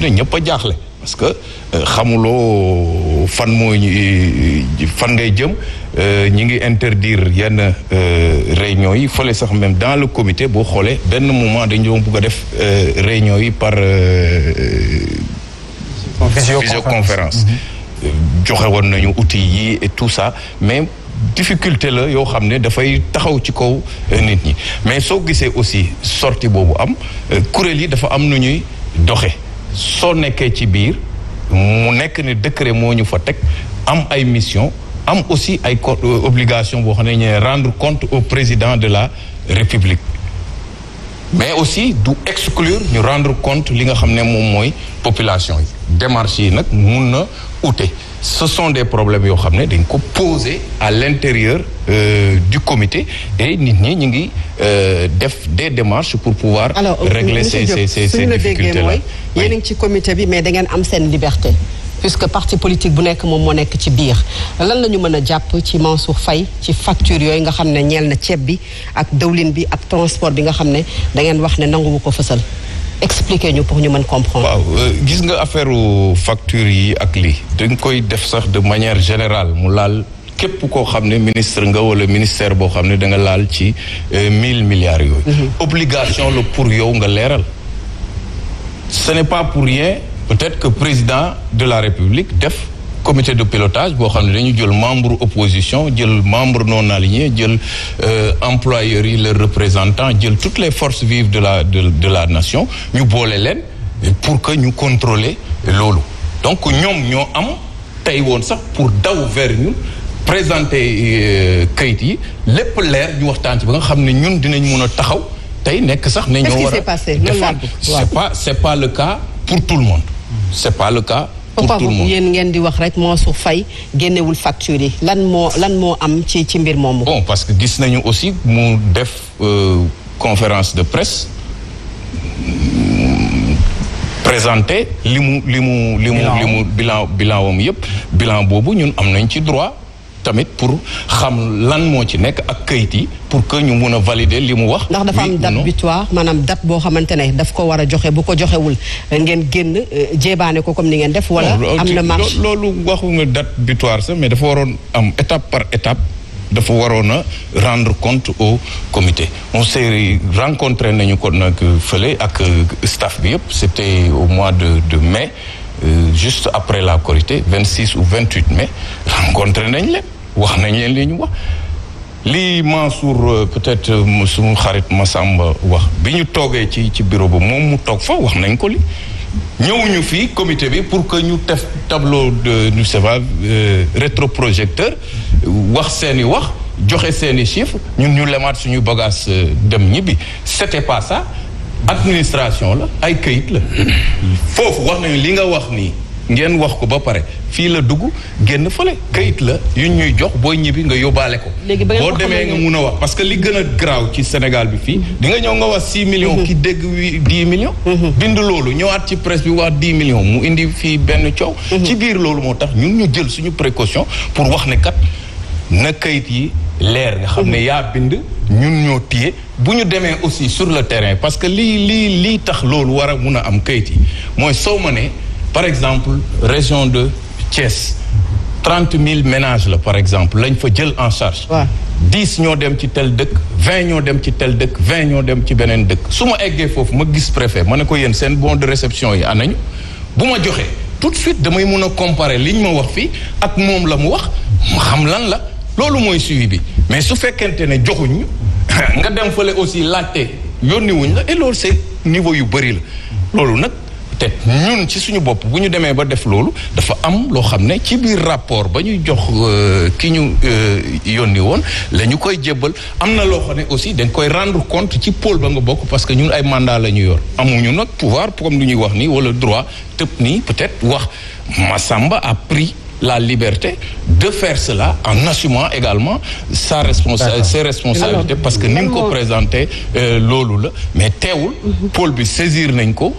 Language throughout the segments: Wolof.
xam ñëpp a jaaxle parce que euh, xamuloo fan moo euh, fan ngay jëm euh, ñi ngi interdire yenn réunion yi fële sax même dans le commité boo xoolee benn moment dañoo bugg a def réunion yi par visioconférence joxe woon nañu outils yi et tout ça mais difficulté la yoo xam ne dafay taxaw ci kaw nit ñi mais soo gisee aussi sorti boobu am kuréel yi dafa am na ñuy doxe soo nekkee ci biir mu nekk ne décret moo ñu fa teg am ay mission am aussi ay euh, obligation boo xam ne ñu rendre compte au président de la république mais aussi du exclure ñu rendre compte li nga xam ne moom mooy population yi démarche yi nag mun na ute ce sont des problèmes yoo xam ne dañ ko poser à l'intérieur euh, du comité et nit ñi ñu ngi euh, def des démarches pour pouvoir régler ces ces ces difficultés là. Alors suñu la mooy yéen ci comité bi mais da ngeen am seen liberté. puisque parti politique bu nekk moom moo nekk ci biir lan la ñu mën a jàpp ci Mansour Faye ci facture yooyu nga xam ne ñeel na ceeb bi ak dawlin bi ak transport bi nga xam ne dangeen wax ne nanguwu ko fësal expliquer ñu pour ñu man comprendre. waaw euh, gis nga affaire facture yi ak lii. dañ koy def sax de manière générale mu laal képp koo xam ne ministre nga wala ministère boo xam ne danga laal ci euh, mille milliards yooyu. Mhm. obligation la pour yow nga leeral. ce n'est peut-être que président de la république def comité de pilotage boo xam ne dañu jël membre opposition jël membre non aligné jël euh, employeurs yi leurs représentants jël toutes les forces vives de la de, de la nation ñu boole leen pour que ñu contrôler loolu donc ñoom ñoo am tey woon sax pour daw vers ñun présenter euh, kayit yi lépp leer ñu waxtaan ci ba nga xam ne ñun dinañ mun a taxaw tey nekk sax ne ñoo war a défendre c'est pas c'est pas le cas pour tout le monde c'est pas le cas. pour tout le monde ngeen di wax rek Mansour Faye génnewul facture yi lan moo lan moo am ci ci mbir moomu. bon parce que gis nañu aussi mu def euh, conférence de presse mm, présenter li mu li mu li mu li mu bilan bilan wam yëpp bilan boobu ñun am nañ ci droit. tamit pour xam lan moo ci nekk ak kayit yi pour que ñu mun a valider li mu wax. ndax dafa am date butoir maanaam date boo xamante ne daf ko war a joxe bu ko joxewul ngeen génn euh, jéebaane ko comme ni ngeen def. wala am na loolu waxu nga date butoir sax mais waroon am étape par étape. dafa waroon a rendre compte au comité on s'est rencontré nañu ko nag fële ak euh, staff bi yëpp c'était au mois de de mai. euh, juste après la Korité 26 ou 28 mai rencontré nañ leen wax nañ leen li ñu wax lii Mansour euh, peut-être euh, suñu xarit ma Massamba wax bi ñu toogee ci ci bureau ba moom mu toog fa wax nañ ko li ñëwuñu fii comité bi pour que ñu def tableau de nu seva euh, rétroprojecteur wax seeni wax joxe seeni chiffres ñun ñu lemaat suñu bagage dem ñibbi c'était pas administration la ay kayit la foofu wax nañu li nga wax nii ngeen wax ko ba pare fii la dugg génn fële kayit la yu ñuy jox booy ñibbi nga yóbbaale ko boo demee nga mun a wax parce que li gën a graaw ci Sénégal bi fii di ñëw nga wax six millions mhm. ki dégg wi dix millions mhm. bind loolu ñëwaat ci presse bi wax dix millions mu indi fii benn coow mhm. ci biir loolu moo tax ñun ñu jël suñu précaution pour wax ne kat na kayit yi leer nga xam ne yaa bind ñun ñoo téye bu ñu demee aussi sur le terrain parce que lii lii lii tax loolu war a mun a am kayit yi mooy soo ma ne par exemple région de Thiès trente mille ménages la par exemple lañ fa jël en charge dix ñoo dem ci tel dëkk vingt ñoo dem ci tel dëkk vingt ñoo dem ci beneen dëkk su ma eggee foofu ma gis préfet ma ne ko yéen seen bon de réception yi anañu bu ma joxee tout de suite damay mun a comparer liñ ma wax fii ak moom la mu wax xam lan la loolu mooy suivi bi mais su fekkente ne joxuñ nga dem fële aussi laajte yónni wuñ la et loolu c'est niveau yu bëri la loolu nag te ñun ci suñu bopp bu ñu demee ba def loolu dafa am loo xam ne ci biir rapport ba ñu jox euh, ki ñu euh, yónni woon la ñu koy jébbal am na loo xam ne aussi dañ koy rendre compte ci pôle ba nga bokk parce que ñun ay mandat la ñu yor amuñu nag pouvoir comme lu ñuy wax nii wala droit tëb nii peut-être wax Massamba a pris la liberté de faire cela en assumant également sa responsa ses responsabilités parce que ni mu ko présenté euh, loolu la mais teewul mhm. pôle bi saisir nañ ko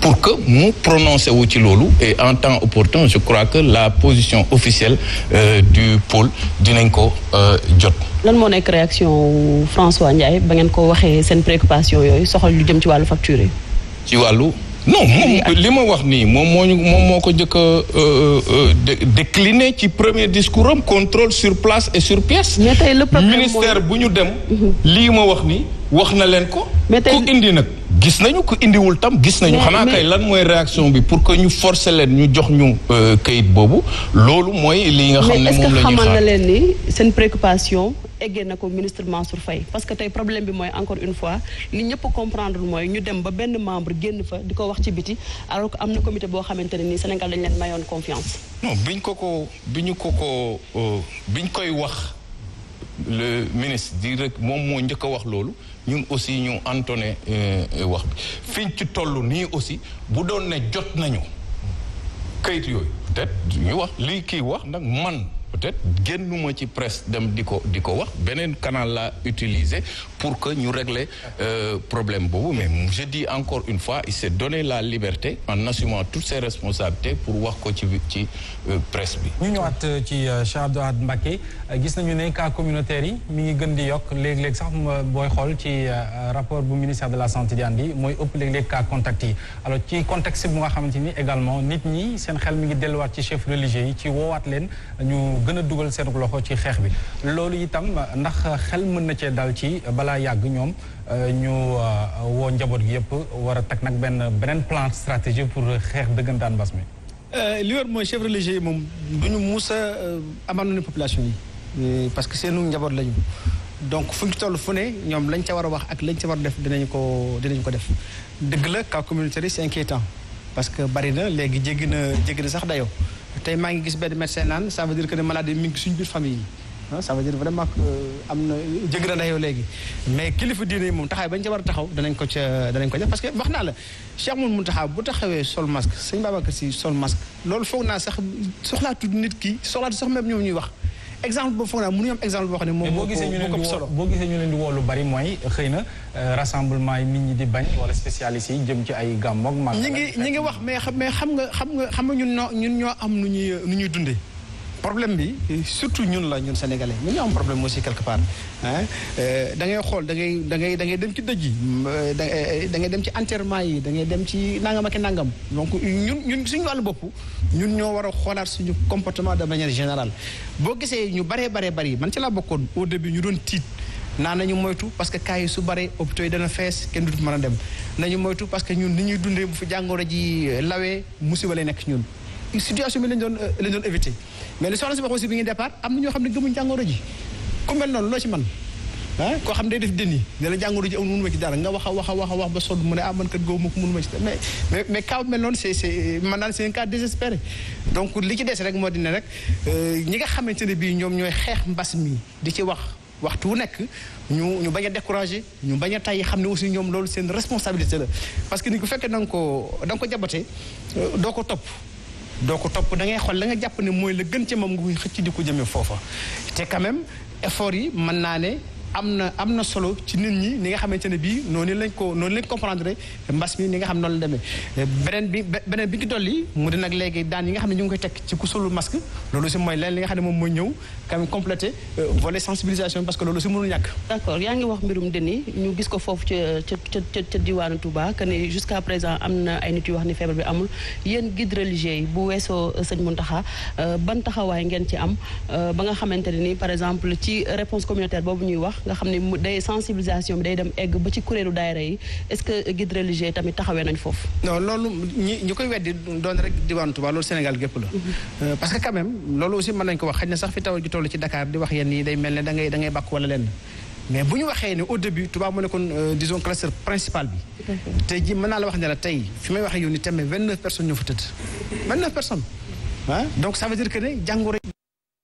pour que mu prononcé wu ci loolu et en temps opportun je crois que la position officielle euh, du pôle dinañ ko euh, jot. lan moo nekk réaction François Ndiaye ba ngeen ko waxee seen préoccupation yooyu soxal lu jëm ci wàllu facture ci wàllu. non moom li ma wax nii moom moo ñu moom moo ko njëkk a euh, euh, euh, décliné ci premier discours am contrôle sur place et sur pièce. ministère bu ñu dem. Mhm. lii ma wax nii wax na leen ko. ku indi nag gis nañu ku indiwul tam gis nañu. xanaa kay lan mooy réaction bi pour que ñu forcer leen ñu jox ñu kayit boobu loolu mooy. li nga xam ne moom la ñuy na leen nii seen préoccupation. eggee na ko ministre Mansour Faye parce que tey problème bi mooy encore une fois li ñëpp comprendre mooy ñu dem ba benn membre génn fa di ko wax ci biti alors que am na comité boo xamante ne nii Sénégal dañ leen mayoon confiance. non ñu ko ko biñu ko ko euh, biñ koy wax le ministre di rek moom moo njëkk a wax loolu ñun aussi ñu entonné euh, euh, wax fiñ ci toll nii aussi bu doon ne jot nañu kayit yooyu wax lii kii man. peut-être génnuma ci presse dem di ko di ko wax beneen canal la utiliser pour que ñu régler euh, problème boobu mais je encore une fois il s'est donné la liberté en assumant toutes ses responsabilités pour wax ko ci ci euh, presse bi. ñu ñëwaat euh, ci Cheikh Abdou Ahad gis nañu ne cas communautaire yi mi ngi gën di yokk léeg-léeg sax booy xool ci rapport bu ministère de la santé di andi mooy ëpp léeg-léeg cas contact yi alors ci contexte bu nga xamante ni également nit ñi seen xel mi ngi delluwaat ci chef religieux yi ci woowaat leen ñu ci xeex bi loolu itam ndax xel mën na cee dal ci balaa. balaa yàgg ñoom euh, ñu euh, woo njaboot gi yëpp war a teg nag benn beneen plan stratégie pour xeex dëggantaan mbas mi. Euh, li wér mooy chef religieux yi moom du ñu muus a abandonné population yi parce que seenu njaboot lañu donc fu ñu toll fu ne ñoom lañ ca war a wax ak lañ ca war a def dinañu ko dinañu ko def dëgg la cas communautaire yi c'est inquiétant parce que bari na léegi jéggi na jéggi na sax dayoo tey maa ngi gis benn médecin naan ça veut dire que ne maladie mi ngi suñu Ah, ça veut dire vraiment euh, am na euh, jëgg na dayoo léegi mais kilifa diine yi moom taxaw bañ ca war a taxaw danañ ko ca danañ ko def parce que wax naa la Cheikh Moul Mountakha bu taxawee sol masque sëñ Babacar Sy sol masque loolu foog naa sax soxlaatu nit ki soxlaatu sax même ñoom ñuy wax exemple boobu foog naa mënuñu am exemple boo xam ne moom na euh, rassemblement yi nit ñi di bañ nu ñuy dundee problème bi surtout ñun la ñun sénégalais ñu am problème aussi quelque part ah da ngay xool dangay ngay da ngay da ngay dem ci dëj yi euh, euh, da ngay dem ci enterrement yi da ngay dem ci nangam ak nangam donc ñun ñun suñu wàllu bopp ñun ñoo war a xoolaat suñu comportement de manière général boo gisee ñu baree baree bari man ci laa bokkoon au début ñu doon tiit naa nañu moytu parce que cas yi su bare hôpitaux yi dana fees kenn dut mën a dem nañu moytu parce que ñun ni ñuy dundee bu fi jàngoro ji lawee musiba lay nekk ñun situation bi lañ doon euh, lañ doon éviter mais li soxna si wax aussi bi ngi départ am na ne gëmuñ jàngoro ji ku mel noonu loo ci man ah koo xam day def dënni ne la jàngoro ji amul mënu ma ci dara nga wax a wax a wax a wax ba sonn mu ne ah man kat góob ma ko mënu ci dara mais mais mais mel noonu c'est cas désespéré donc li ci des rek moo di ne rek euh, ñi nga xamante ne bii ñoom ñooy xeex mbas mi di ci wax waxtu wu nekk ñu ñu bañ a découragé ñu bañ a tàyyi xam ne aussi ñoom loolu seen responsabilité la parce que ni ku fekkee da nga ko da nga ko jabatee euh, doo ko topp doo ko topp da ngay xool la nga jàpp ne mooy la gën ci moom nga koy xëcc di ko jëmee foofa te quand même yi mën naa ne am na am na solo ci nit ñi ni nga xamante ne bii noonu lañ ko noonu lañ comprendre mbas mi ni nga xam noonu la demee beneen bi beneen bi ki dolli mu di nag léegi daan yi nga xam ne ñu ngi koy teg ci ku solul masque loolu si mooy leneen ne moom mooy ñëw quand même complété euh, que loolu si mënul ñàkk d'accord yaa ngi wax mbirum ni ñu gis ko foofu ca ca ca ca diwaanu que ne jusqu'à présent am na ay nit yu wax ni feebar bi amul yéen guide religieux yi bu weesoo euh, sëñ Mountakha euh, ban taxawaay ngeen ci am ba nga xamante ne ni par exemple ci réponse communautaire boobu ñuy wax nga xam ne day sensibilisation bi day dem egg ba ci kuréelu daayira yi est-ce que guide religieux tamit taxawee nañ foofu. loolu ñi koy weddi doon rek diwaan Touba loolu Sénégal gépp la. Mhm. Euh, parce que quand loolu aussi mën nañ ko wax xëy na sax fi taw gi toll ci Dakar di wax yenn yi day mel ne da ngay da ngay bàkk wala lenn. mais bu ñu waxee ne au début Touba moo nekkoon euh, disons cluster principal bi. tey jii mën naa la wax ne tey fi may waxee yow nii tamit 29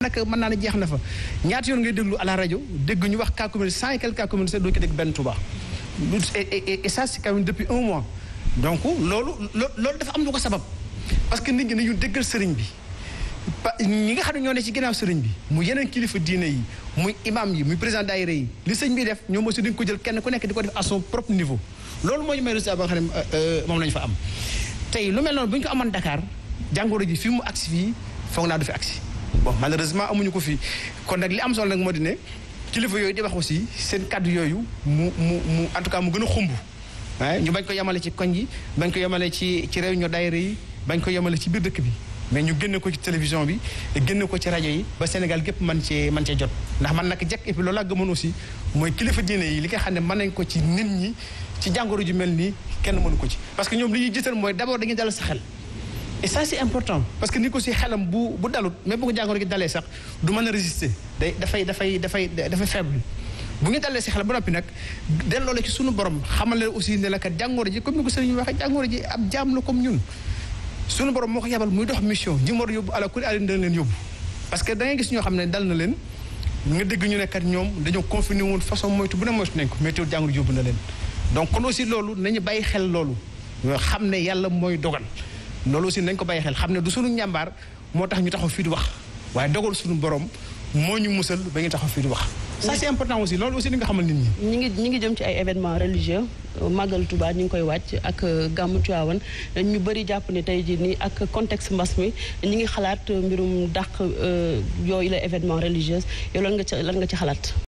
nag mën naa ne jeex na fa ñaati yoon ngay déglu à la rajo dégg ñu wax cas communautaire cent et quelques cas communautaire doo ko dégg benn Touba et ça c'est quand même depuis un mois donc loolu loolu dafa am lu ko sabab parce que nit ñi nañu déggal sëriñ bi ñi nga xam ne ñoo ne ci ginnaaw sëriñ bi mu yeneen kilifa diine yi muy imam yi muy président daayira yi li sëriñ bi def ñoom si dañ ko jël kenn ku nekk di ko def à son propre niveau loolu mooy ñu may résultat ba nga xam ne euh, euh, moom la fa am tey lu mel noonu bu ñu ko amoon Dakar jàngoro ji fi mu agsi fii foog naa du agsi bon malheureusement amuñu ko fii kon nag li am solo nag moo di ne kilifa yooyu di wax aussi seen kàddu yooyu mu mu mu en tout cas mu gën a xumb ñu bañ ko yemale ci koñ yi bañ ko yemale ci ci réunion daayira yi bañ ko yemale ci biir dëkk bi mais ñu génne ko ci télévision bi génne ko ci rajo yi ba Sénégal gépp mën cee mën cee jot ndax man nag jekk et puis loolu laa gëmoon mooy kilifa diine yi li nga xam ne mën nañ ko ci nit ñi ci jàngoro ju mel nii kenn mënu ko ci parce que ñoom dal sa et ça c'est important parce que nit ko si xelam bu bu dalut même bu ko jàngoro gi dalee sax du mën a résister day dafay dafay dafay dafay faible bu ngi dalee si xel ba noppi nag delloo la ci sunu borom xamal leen aussi ne la ji comme ni ko sëriñ waxee jàngoro ji moo ko yebal muy dox mission ñi war a yóbbu ala kulli àllin dana leen yóbbu parce que da ngay gis ñoo xam ne dal na leen nga dégg ñu ne kat ñoom dañoo confiné woon façon moytu bu ne moytu nañ ko mais teewul jàngoro ji yóbbu na leen donc kon aussi loolu xel loolu xam ne yàlla mooy dogal loolu aussi nañ ko bàyyi xel xam ne du sunu njàmbaar moo tax ñu taxaw fii di wax waaye dogal suñu borom moo ñu musal ba ñu taxaw fii di wax. sa c'est important aussi loolu aussi li nga xamal nit ñi. ñu ngi ñu ngi jëm ci ay événements religieux màggal Tuubaa ñu ngi koy wàcc ak euh, gàmmu Tiwaawan ñu bëri jàpp ne tey jii nii ak contexte mbas mi ñu ngi xalaat mbirum dàq euh, yooyu la événement religieux yow lan nga ci lan nga ci xalaat.